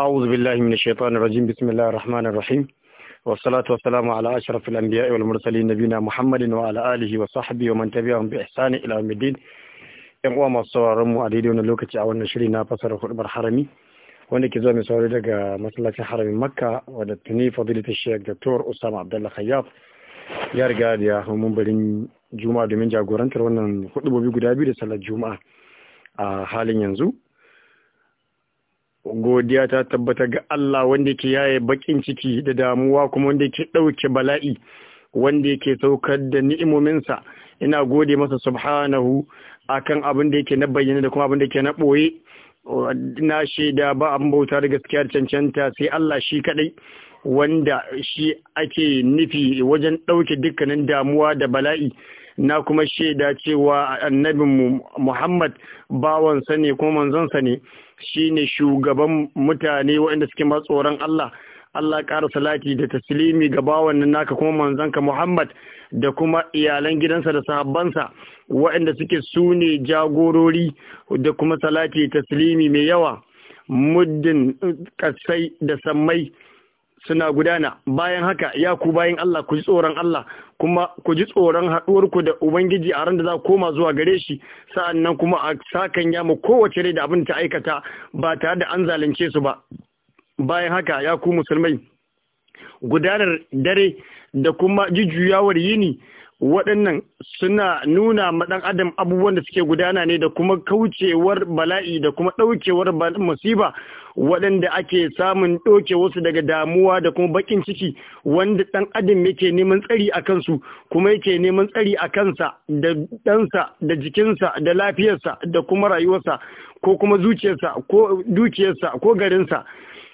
أعوذ بالله من الشيطان الرجيم بسم الله الرحمن الرحيم والصلاة والسلام على أشرف الأنبياء والمرسلين نبينا محمد وعلى آله وصحبه ومن تبعهم بإحسان إلى يوم الدين ‘yan uwa masu sauraron mu a daidai wani lokaci a wannan shiri na fasar hudubar harami wanda ke zuwa mai saurari daga masallacin haramin makka wadda tuni fadilita shek dr usama abdullah khayyaf ya riga da ya domin jagorantar wannan hudubobi guda biyu da sallar juma'a a halin yanzu godiya ta tabbata ga Allah wanda ke yaye bakin ciki da damuwa kuma wanda ke ɗauke bala'i wanda yake saukar da ni'imominsa ina gode masa subhanahu akan abin da yake na bayyana da kuma abin da yake na ɓoye na shaida ba abin bauta da gaskiyar cancanta sai Allah shi kadai wanda shi ake nufi wajen ɗauke dukkanin damuwa da bala'i na kuma shaida cewa annabin Muhammad bawansa ne kuma manzonsa ne shine shugaban mutane waɗanda suke ma tsoron Allah Allah ƙara salati da taslimi ga bawan naka kuma manzanka Muhammad da kuma iyalan gidansa da sahabbansa waɗanda suke su ne jagorori da kuma salati taslimi mai yawa muddin ƙasai da sammai suna gudana bayan haka ya ku bayan Allah ku ji tsoron Allah kuma ku ji tsoron haɗuwarku da Ubangiji a ran da za ku koma zuwa gare shi nan kuma a sakan ya mu kowace rai da abin ta aikata ba tare da an zalunce su ba bayan haka ya ku musulmai gudanar dare da kuma jujjuyawar yini waɗannan suna nuna maɗan adam abubuwan da suke gudana ne da kuma kaucewar bala'i da kuma ɗaukewar musiba waɗanda ake samun ɗauke wasu daga damuwa da kuma baƙin ciki wanda ɗan adam yake neman tsari a kansu kuma yake neman tsari a kansa da ɗansa da jikinsa da lafiyarsa da kuma rayuwarsa ko kuma zuciyarsa ko dukiyarsa ko garinsa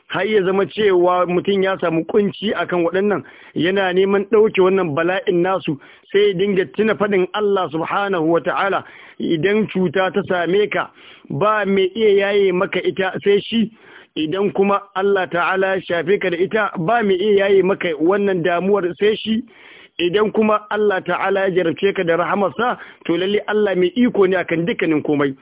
har ya zama cewa mutum ya samu kunci akan waɗannan yana neman ɗauke wannan bala'in nasu sai dinga tuna faɗin Allah subhanahu wa ta'ala idan cuta ta same ka ba mai iya yaye maka ita sai shi idan kuma Allah ta'ala shafe ka da ita ba mai iya yaye maka wannan damuwar sai shi idan kuma Allah ta'ala ya jarabce ka da rahamarsa to lalle Allah mai iko ne akan dukkanin komai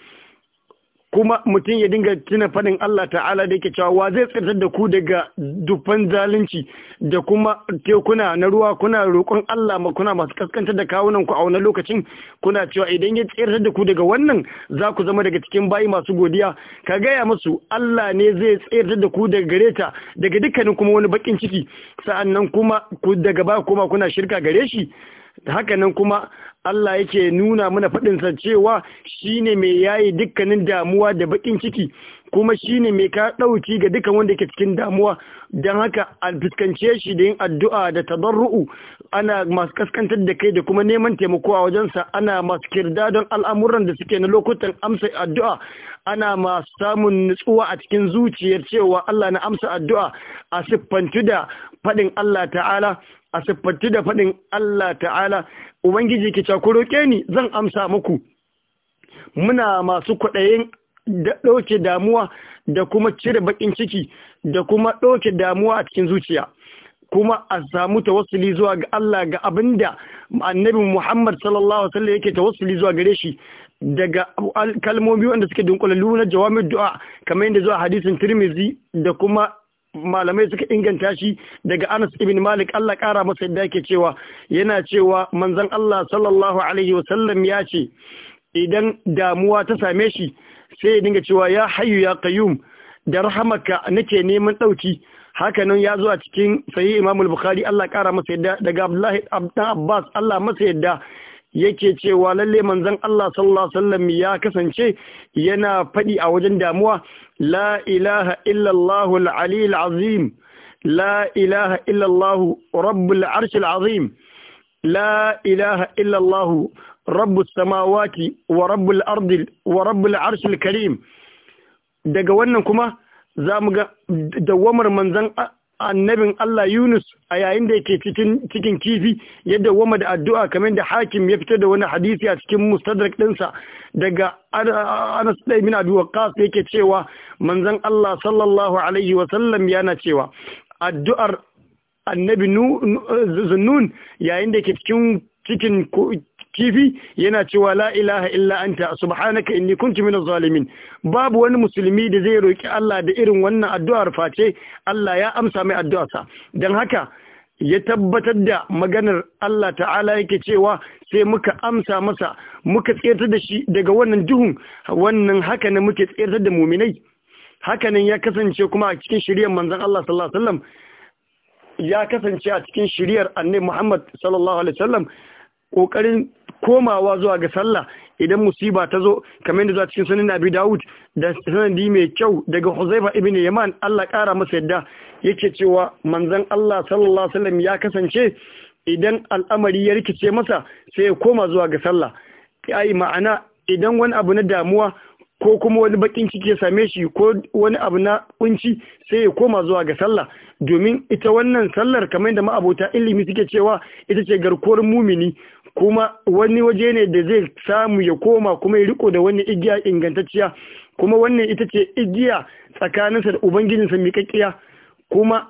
kuma mutum ya dinga tuna faɗin Allah ta'ala da yake cewa wa zai tsirtar da ku daga dufan zalunci da kuma tekuna na ruwa kuna roƙon Allah ma kuna masu kaskantar da kawunan ku a wani lokacin kuna cewa idan ya tsirtar da ku daga wannan za ku zama daga cikin bayi masu godiya ka gaya musu Allah ne zai tsirtar da ku daga gareta, daga dukkanin kuma wani bakin ciki sa'annan kuma ku daga ba kuma kuna shirka gare shi da haka nan kuma Allah yake nuna mana faɗinsa cewa shine mai yayi dukkanin damuwa da bakin ciki kuma shine mai ka ɗauki ga dukkan wanda yake cikin damuwa don haka a fuskance shi da yin addu'a da tabarru'u ana masu kaskantar da kai da kuma neman taimako a wajensa ana masu kirda don al'amuran da suke na lokutan amsa addu'a ana masu samun nutsuwa a cikin zuciyar cewa Allah na amsa addu'a a siffantu da faɗin Allah ta'ala a siffatti da faɗin Allah ta'ala ubangiji ki ku roƙe ni zan amsa muku muna masu kwaɗayin da ɗauke damuwa da kuma cire baƙin ciki da kuma ɗauke damuwa a cikin zuciya kuma a samu tawassuli zuwa ga Allah ga abinda annabi Muhammad sallallahu alaihi yake tawassuli zuwa gare shi daga kalmomi wanda suke dunkulallu na jawamin du'a kamar yadda zuwa hadisin Tirmidhi da kuma malamai suka inganta shi daga Anas ibn Malik Allah kara masa yadda yake cewa yana cewa manzon Allah sallallahu alaihi wasallam ya ce idan damuwa ta same shi sai ya dinga cewa ya hayyu ya qayyum da rahamaka nake neman dauki haka nan ya zo a cikin sahih Imam al-Bukhari Allah ƙara masa yadda daga Abdullahi ibn Abbas Allah masa yadda yake cewa lalle manzon Allah sallallahu alaihi wasallam ya kasance yana fadi a wajen damuwa la ilaha illallah al-ali azim la ilaha illallah rabbul arsh azim la ilaha illallah rabbus samawati wa rabbul ardi wa rabbul arsh karim daga wannan kuma zamu ga dawamar manzon annabin Allah Yunus a yayin da yake cikin kifi yadda wama da addu'a kamar da hakim ya fitar da wani hadisi a cikin mustadrak ɗinsa daga Anas bin Abi Waqqas yake cewa manzan Allah sallallahu alaihi wa sallam yana cewa addu'ar annabi Zunnun yayin da yake cikin cikin kifi yana cewa la ilaha illa anta subhanaka inni kuntu minaz zalimin babu wani musulmi da zai roki Allah da irin wannan addu'ar face Allah ya amsa mai addu'arsa dan haka ya tabbatar da maganar Allah ta'ala yake cewa sai muka amsa masa muka tsayar da shi daga wannan duhun wannan haka ne muke tsirtar da muminai haka nan ya kasance kuma a cikin shiriyar manzon Allah sallallahu alaihi wasallam ya kasance a cikin shiriyar annabi Muhammad sallallahu alaihi wasallam kokarin komawa zuwa ga sallah idan musiba ta zo kamar yadda zuwa cikin sunan Nabi Dawud da sanadi mai kyau daga Huzaifa ibn Yaman Allah kara masa yadda yake cewa manzon Allah sallallahu alaihi wasallam ya kasance idan al'amari ya rikice masa sai ya koma zuwa ga sallah ai ma'ana idan wani abu na damuwa ko kuma wani bakin ciki ya same shi ko wani abu na kunci sai ya koma zuwa ga sallah domin ita wannan sallar kamar yadda ma'abota ilimi suke cewa ita ce garkuwar mumini kuma wani waje ne da zai samu ya koma kuma ya riko da wani igiya ingantacciya kuma wannan ita ce igiya tsakaninsa da ubangijinsa miƙaƙƙiya kuma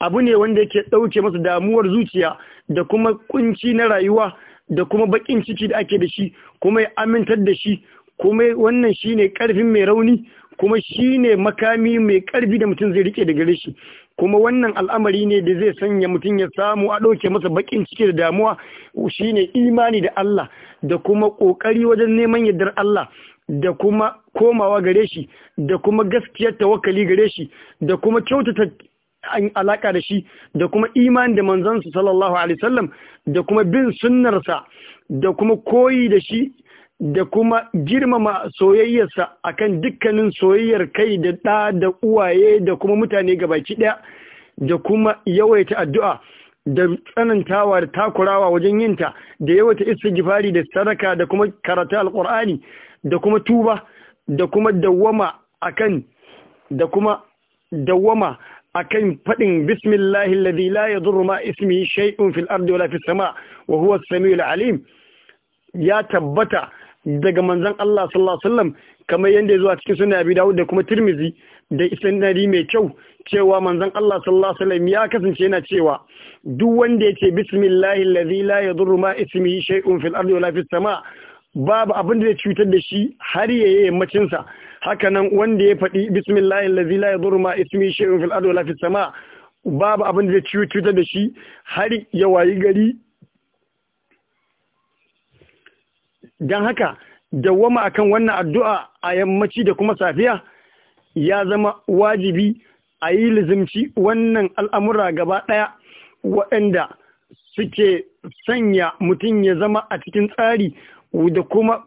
abu ne wanda yake ɗauke masa damuwar zuciya da kuma kunci na rayuwa da kuma bakin ciki da ake da shi kuma ya amintar da shi kuma wannan shine ƙarfin mai rauni kuma shine makami mai karfi da mutum zai rike da gare shi kuma wannan al'amari ne da zai sanya mutum ya samu a ɗauke masa bakin ciki da damuwa shine imani da Allah da kuma ƙoƙari wajen neman yardar Allah da kuma komawa gare shi da kuma gaskiyar tawakali gare shi da kuma kyautata alaka da shi da kuma imani da manzansa sallallahu alaihi wasallam da kuma bin sunnarsa da kuma koyi da shi da kuma girmama soyayyarsa akan dukkanin soyayyar kai da ɗa da uwaye da kuma mutane gabaki ɗaya da kuma yawaita addu'a da tsanantawa da takurawa wajen yinta da yawaita istighfari da sadaka da kuma karatu alqur'ani da kuma tuba da kuma dawwama akan da kuma dawwama akan fadin bismillahi alladhi la yadurru ma ismihi shay'un fil ardi wala fis sama' wa huwa as-sami'ul alim ya tabbata daga manzan Allah sallallahu alaihi wasallam kamar yanda ya zo a cikin sunan Abi Dawud da kuma Tirmizi da isnadi mai kyau cewa manzan Allah sallallahu alaihi wasallam ya kasance yana cewa duk wanda ce bismillahi allazi la yadurru ma ismihi shay'un fil ardi wala fis sama babu abin da zai cutar da shi har ya yi yammacin sa haka nan wanda ya faɗi bismillahi allazi la yadurru ma ismihi shay'un fil ardi wala fis sama babu abin da zai cutar da shi har ya wayi gari don haka dawwama akan wannan addu'a a yammaci da kuma safiya ya zama wajibi a yi lizimci wannan al'amura gaba ɗaya waɗanda suke sanya mutum ya zama a cikin tsari da kuma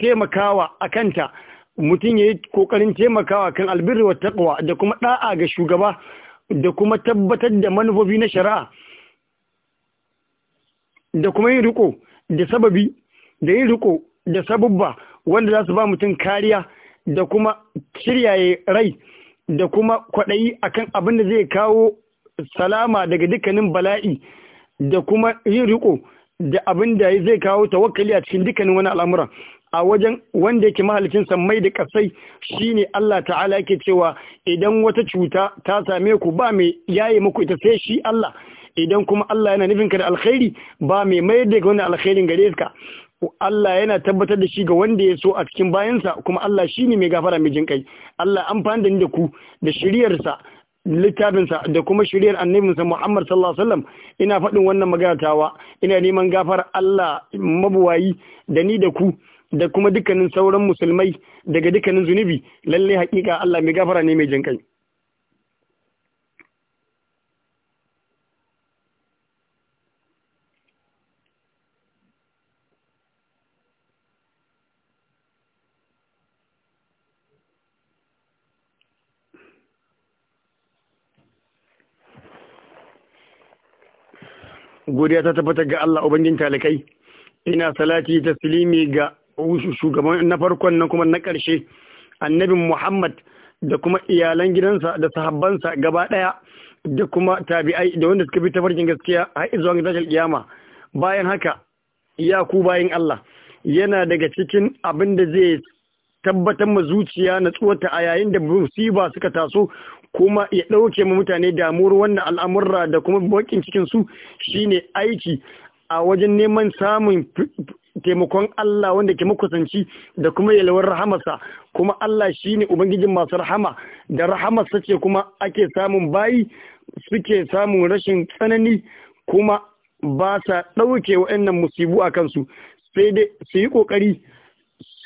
taimakawa a kanta mutum ya yi ƙoƙarin taimakawa kan albirri wa taɓawa da kuma ɗa'a ga shugaba da kuma tabbatar da manufofi na shari'a da kuma yin riko da sababi da yin riko da sabubba wanda za su ba mutum kariya da kuma shiryaye rai da kuma kwaɗayi akan abin da zai kawo salama daga dukkanin bala'i da kuma yin riko da abin da zai kawo tawakali a cikin dukkanin wani al'amura a wajen wanda yake mahalicin mai da kasai shi ne Allah ta'ala yake cewa idan wata cuta ta same ku ba mai yaye muku ita sai shi Allah idan kuma Allah yana nufin ka da alkhairi ba mai mayar da wani alkhairin gare ka Allah yana tabbatar da shi ga wanda ya so a cikin bayansa kuma Allah shi ne mai gafara mai jin kai Allah amfani da ni da ku da shiriyarsa littafinsa da kuma shiriyar annabinsa Muhammad sallallahu alaihi wasallam ina faɗin wannan maganatawa ina neman gafar Allah mabuwayi da ni da ku da kuma dukkanin sauran musulmai daga dukkanin zunubi lalle haƙiƙa Allah mai gafara ne mai jin kai godiya ta tabbata ga Allah ubangin talikai ina salati ta silimi ga shugaban na farkon nan kuma na ƙarshe annabin Muhammad da kuma iyalan gidansa da sahabbansa gaba ɗaya da kuma tabi'ai da wanda suka bi farkin gaskiya har zuwa ga tashar kiyama bayan haka ya ku bayan Allah yana daga cikin abin da zai tabbatar ma zuciya na tsuwata a yayin da musiba suka taso kuma ya ɗauke mu mutane damuwar wannan al'amurra da kuma bakin cikin su shine aiki a wajen neman samun taimakon Allah wanda ke makusanci da kuma yalwar rahamarsa kuma Allah shine ubangijin masu rahama da rahamarsa ce kuma ake samun bayi suke samun rashin tsanani kuma ba sa ɗauke wa'annan musibu a kansu sai dai su yi ƙoƙari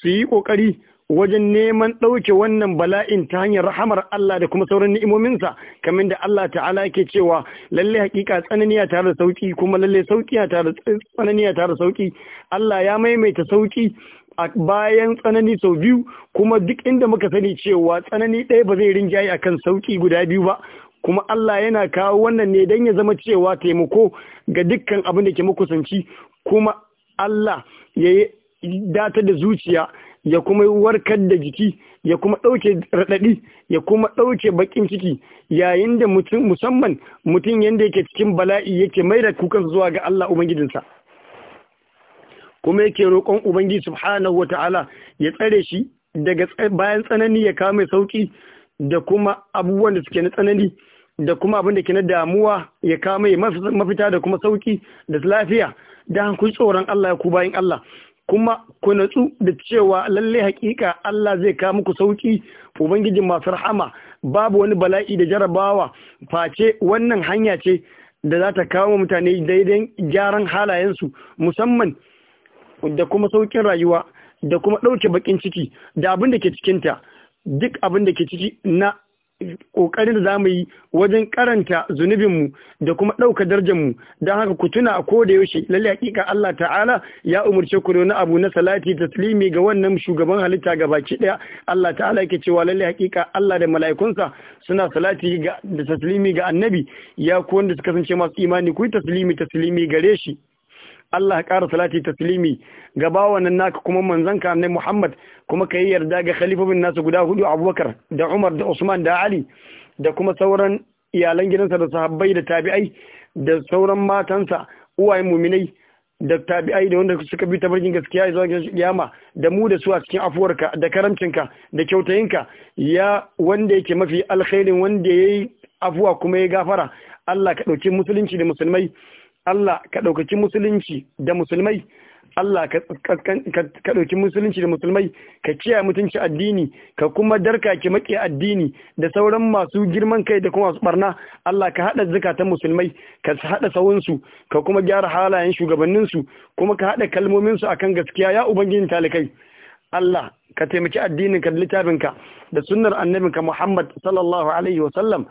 su yi ƙoƙari wajen neman ɗauke wannan bala'in ta hanyar rahamar Allah da kuma sauran ni'imominsa kamar da Allah ta'ala yake cewa lalle hakika tsananiya tare da sauki kuma lalle saukiya tare tsananiya tare da sauki Allah ya maimaita sauki a bayan tsanani sau biyu kuma duk inda muka sani cewa tsanani ɗaya ba zai rinjaye akan sauki guda biyu ba kuma Allah yana kawo wannan ne don ya zama cewa taimako ga dukkan abin da ke makusanci kuma Allah ya yi data da zuciya ya kuma yi warkar da jiki ya kuma ɗauke raɗaɗi ya kuma ɗauke baƙin ciki yayin da mutum musamman mutum yanda yake cikin bala'i yake mai da kukan zuwa ga Allah Ubangijinsa kuma yake roƙon Ubangiji subhanahu wata'ala ya tsare shi daga bayan tsanani ya kawo mai sauƙi da kuma abubuwan da suke na tsanani da kuma abin da ke na damuwa ya kawo mai mafita da kuma sauƙi da lafiya da hankali tsoron Allah ya ku bayan Allah kuma ku natsu da cewa lalle hakika Allah zai kawo muku sauki ubangijin masu rahama babu wani bala'i da jarabawa face wannan hanya ce da za ta kawo wa mutane daidai gyaran halayensu musamman da kuma saukin rayuwa da kuma ɗauke bakin ciki da abin da ke cikinta duk abin da ke ciki na ƙoƙarin da za yi wajen karanta zunubinmu da kuma ɗauka mu don haka ku tuna a koda yaushe lalle hakika Allah ta'ala ya umarce ku wani abu na salati taslimi ga wannan shugaban halitta ga baki ɗaya Allah ta'ala yake cewa lalle hakika Allah da mala'ikunsa suna salati da taslimi ga annabi ya ku wanda suka kasance masu imani ku yi taslimi taslimi gare shi Allah ƙara salati taslimi ga bawanan naka kuma Manzanka ka annabi Muhammad kuma yi yarda ga khalifofin nasu guda hudu Abubakar da Umar da Usman da Ali da kuma sauran iyalan gidansa da sahabbai da tabi'ai da sauran matansa uwaye muminai da tabi'ai da wanda suka bi tabarkin gaskiya zuwa kiyama da mu da su a cikin afuwarka da karamcinka da kyautayinka ya wanda yake mafi alkhairin wanda yayi afuwa kuma ya gafara Allah ka ɗauki musulunci da musulmai Allah ka ɗaukaki musulunci da musulmai Allah ka ɗauki musulunci da musulmai ka kiyaye mutunci addini ka kuma darka ki maƙi addini da sauran masu girman kai da kuma barna Allah ka haɗa ta musulmai ka haɗa sawunsu ka kuma gyara halayen shugabanninsu kuma ka haɗa kalmominsu akan gaskiya ya ubangijin talikai Allah ka taimaki addininka da littafinka da sunnar annabinka Muhammad sallallahu alaihi wa sallam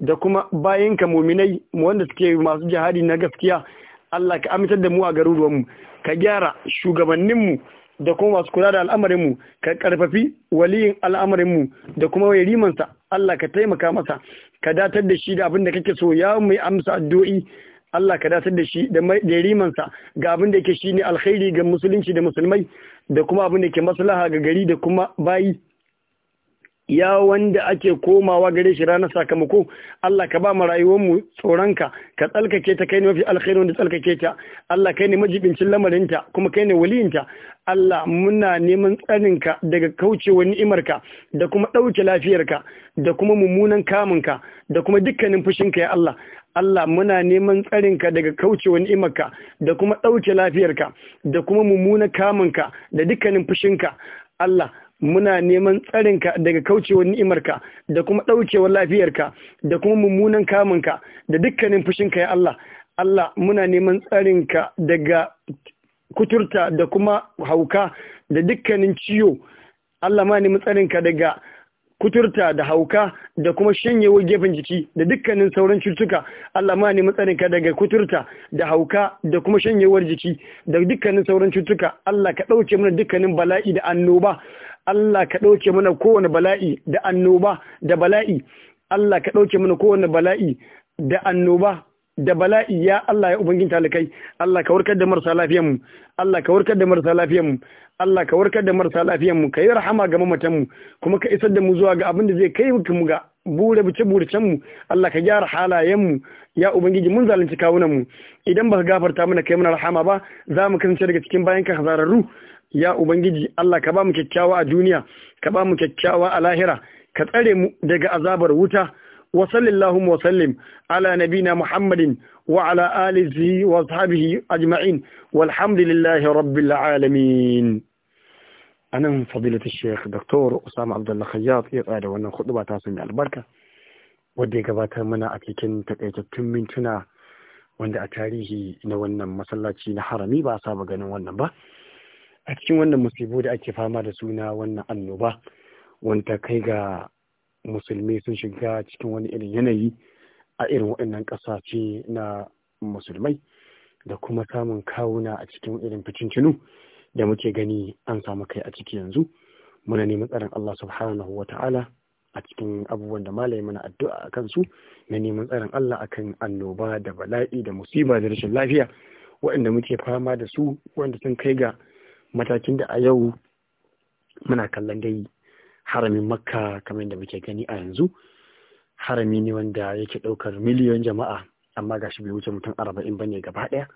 da kuma bayinka muminai wanda suke masu jihadi na gaskiya Allah ka amintar da mu a garuruwanmu ka gyara shugabanninmu da kuma masu kula da al'amarinmu ka karfafi waliyin al'amarinmu da kuma rimansa Allah ka taimaka masa ka datar da shi da abin da kake so ya mai amsa addu'i Allah ka datar da shi da rimansa ga abin da yake shi alkhairi ga musulunci da musulmai da kuma abin da ke maslaha ga gari da kuma bayi ya wanda ake komawa gare shi ranar sakamako Allah ka ba mu rayuwarmu tsoronka ka tsalkake ta kai ne mafi alkhairi wanda tsalkake ta Allah kai ne majibincin lamarinta kuma kai ne waliyinta Allah muna neman tsaninka daga kaucewa ni'imarka da kuma ɗauke lafiyarka da kuma mummunan kamunka da kuma dukkanin fushinka ya Allah Allah muna neman tsarinka daga kaucewa ni'imarka da kuma ɗauke lafiyarka da kuma mummunan kamunka da dukkanin fushinka Allah muna neman tsarinka daga kaucewar ni'imarka da kuma ɗaukewar lafiyarka da kuma mummunan kamunka da dukkanin fushinka ya Allah Allah muna neman tsarinka daga kuturta da kuma hauka da dukkanin ciwo Allah ma neman tsarinka daga kuturta da hauka da kuma shanyewar gefen jiki da dukkanin sauran cutuka Allah ma nemi matsarinka daga kuturta da hauka da kuma shanyewar jiki da dukkanin sauran cutuka Allah ka ɗauke mana dukkanin bala'i da annoba Allah ka ɗauke mana kowane bala'i da annoba da bala'i Allah ka ɗauke mana kowane bala'i da annoba da bala'i ya Allah ya ubangin talakai Allah ka warkar da marasa lafiyanmu Allah ka warkar da marasa lafiyanmu Allah ka warkar da marasa lafiyanmu ka yi rahama ga mamatanmu kuma ka isar da mu zuwa ga abin da zai kai mu ga bure bice burcenmu Allah ka gyara halayenmu ya ubangiji mun zalunci kawunanmu idan ba baka gafarta mana kai mana rahama ba za mu kasance daga cikin bayan ka hazararru ya ubangiji Allah ka ba mu kyakkyawa a duniya ka ba mu kyakkyawa a lahira ka tsare mu daga azabar wuta wa sallallahu wa ala nabina muhammadin wa ala alihi wa sahabihi ajma'in walhamdulillahi rabbil alamin anan fadilatu shaykh doktor usama abdullahi khayyat ya kada wannan khutba ta sunni albarka wanda ya gabatar mana a cikin takaitattun mintuna wanda a tarihi na wannan masallaci na harami ba saba ganin wannan ba a cikin wannan musibo da ake fama da suna wannan annoba wanda kai ga musulmi sun shiga cikin wani irin yanayi a irin waɗannan ƙasashe na musulmai da kuma samun kawuna a cikin irin ficincinu da muke gani an samu kai a ciki yanzu muna neman tsarin Allah subhanahu wa ta'ala a cikin abubuwan da malai mana addu'a a kansu na neman tsarin Allah akan annoba da bala'i da musiba da rashin lafiya waɗanda muke fama da su waɗanda sun kai ga matakin da a yau muna kallon dai haramin makka kamar yadda muke gani a yanzu harami ne wanda yake ɗaukar miliyon jama'a amma gashi bai wuce mutum arba'in ba ne gaba ɗaya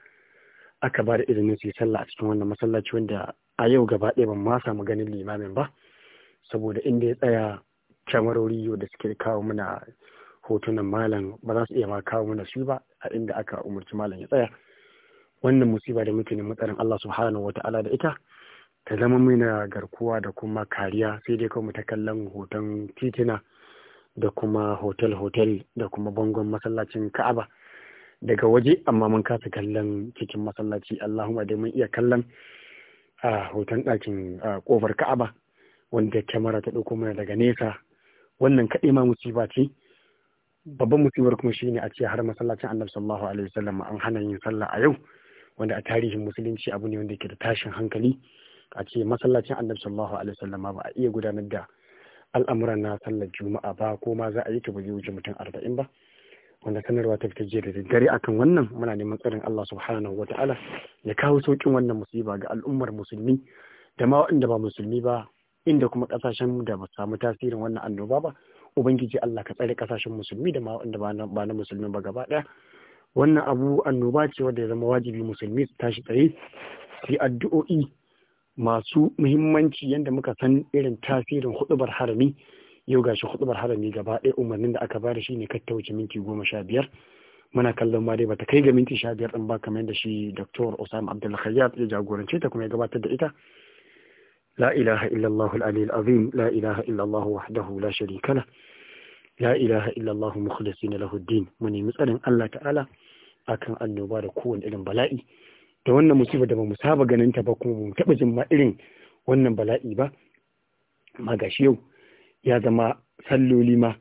aka ba da izinin su yi sallah a cikin wannan masallaci wanda a yau gaba ɗaya ban ma samu ganin limamin ba saboda inda ya tsaya kyamarori da suke kawo mana hotunan malam ba za su iya ma kawo mana su ba a inda aka umarci malam ya tsaya wannan musiba da muke ne tsarin Allah subhanahu wata'ala da ita ta zama mana garkuwa da kuma kariya sai dai kawai ta kallon hoton titina da kuma hotel-hotel da kuma bangon masallacin ka'aba daga waje amma mun kasa kallon cikin masallaci allahumma dai mun iya kallon a hoton ɗakin ƙofar ka'aba wanda kyamara ta ɗauko mana daga nesa wannan kaɗai ma musiba ce babban musibar kuma shine a ce har masallacin annabi sallallahu alaihi wasallam an hana yin sallah a yau wanda a tarihin musulunci abu ne wanda ke da tashin hankali a ce masallacin annabi sallallahu alaihi wasallam ba a iya gudanar da al'amuran na sallar juma'a ba ko ma za a yi ta ba zai wuce mutum arba'in ba wanda sanarwa ta fita jiya da daddare akan wannan muna neman tsarin Allah subhanahu wa ta'ala ya kawo saukin wannan musiba ga al'ummar musulmi da ma waɗanda ba musulmi ba inda kuma ƙasashen da ba samu tasirin wannan annoba ba ubangiji Allah ka tsare ƙasashen musulmi da ma waɗanda ba na musulmi ba gaba ɗaya wannan abu annoba ce wadda ya zama wajibi musulmi su tashi tsaye su yi addu'o'i masu muhimmanci yadda muka san irin tasirin hudubar harami yau gashi hudubar harami gaba ɗaya umarnin da aka ba da shi ne katta wuce minti goma sha biyar muna kallon ma dai ta kai ga minti sha biyar ɗin ba kamar yadda shi Dr. Osama Abdul ya jagorance ta kuma ya gabatar da ita la ilaha illallah al-ali al-azim la ilaha illallah wahdahu la sharika la la ilaha illallah mukhlisina lahu din mu nemi tsarin Allah ta'ala akan annoba da kowane irin bala'i da wannan musibar da ba mu saba ganin ta ba kuma ba mu taɓa jin ma irin wannan bala'i ba amma gashi yau ya zama salloli ma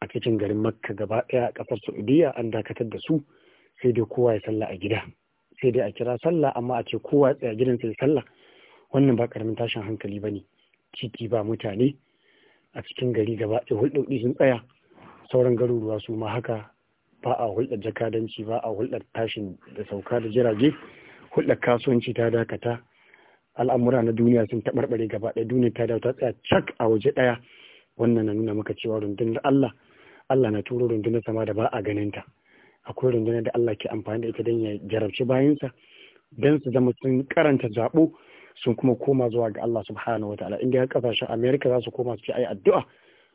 a cikin garin makka gaba ɗaya a ƙasar saudiya an dakatar da su sai dai kowa ya sallah a gida sai dai a kira sallah amma a ce kowa ya tsaya gidansa ya sallah wannan ba karamin tashin hankali ba ne ciki ba mutane a cikin gari gaba ɗaya hulɗoɗi sun tsaya sauran garuruwa su ma haka ba a hulɗar jakadanci ba a hulɗar tashin da sauka da jirage hulɗar kasuwanci ta dakata al'amura na duniya sun taɓarɓare gaba ɗaya duniya ta dawo ta tsaya cak a waje ɗaya wannan na nuna maka cewa rundunar Allah Allah na turo rundunar sama da ba a ganin ta akwai rundunar da Allah ke amfani da ita don ya jarabci bayansa don su zama sun karanta zaɓo sun kuma koma zuwa ga Allah subhanahu wa ta'ala inda kasashen Amerika za su koma su ce ayi addu'a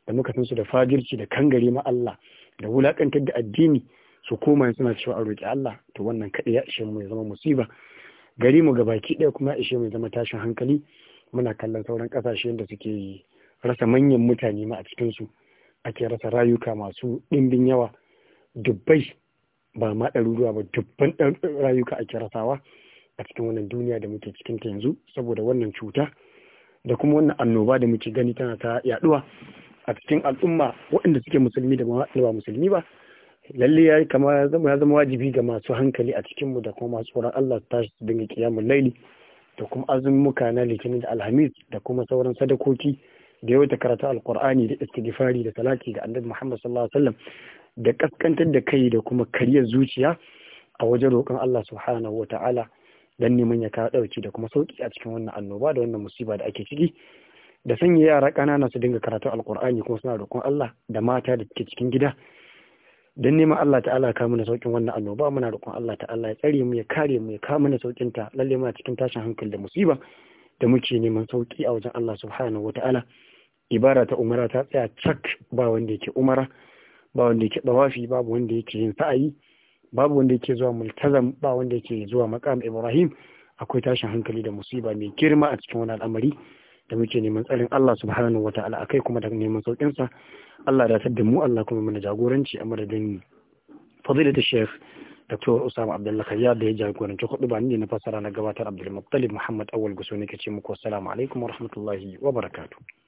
da muka san su da fajirci da kangare ma Allah da wulakantar da addini su koma suna cewa a roƙi Allah to wannan kaɗai ya ishe mu ya zama musiba gari mu gabaki ɗaya kuma ya ishe mu ya zama tashin hankali muna kallon sauran ƙasashe da suke rasa manyan mutane ma a cikin su ake rasa rayuka masu ɗimbin yawa dubbai ba ma ɗaruruwa ba dubban rayuka ake rasawa a cikin wannan duniya da muke cikin ta yanzu saboda wannan cuta da kuma wannan annoba da muke gani tana ta yaɗuwa a cikin al'umma waɗanda suke musulmi da ba musulmi ba lalle ya kama ya zama wajibi ga masu hankali a cikinmu da kuma masu tsoron Allah ta su dinga kiyamun laili da kuma azumuka na litinin da alhamis da kuma sauran sadakoki da yawaita karata alkur'ani da istighfari da talaki ga annabi Muhammad sallallahu alaihi wasallam da kaskantar da kai da kuma karyar zuciya a wajen roƙon Allah subhanahu wata'ala dan neman ya kawo dauki da kuma sauki a cikin wannan annoba da wannan musiba da ake ciki da sanya yara ƙanana su dinga karatu alkur'ani kuma suna roƙon Allah da mata da suke cikin gida don neman Allah ta'ala ka mana saukin wannan annoba muna roƙon Allah ta'ala ya tsare mu ya kare mu ya ka mana saukin ta lalle muna cikin tashin hankali da musiba da muke neman sauki a wajen Allah subhanahu wata'ala ibara ta umara ta tsaya cak ba wanda yake umara ba wanda yake dawafi babu wanda yake yin sa'ayi babu wanda yake zuwa multazam ba wanda yake zuwa maqam Ibrahim akwai tashin hankali da musiba mai girma a cikin wani al'amari da muke neman tsarin Allah subhanahu wa ta'ala akai kuma da neman saukin sa Allah da da mu Allah kuma mana jagoranci a madadin fadilatu Sheikh Dr. Usama Abdullah Khayyar da ya jagoranci kudu ba ni na fasara na gabatar Abdul Muttalib Muhammad Awal Guso ne muku assalamu alaikum wa rahmatullahi wa barakatuh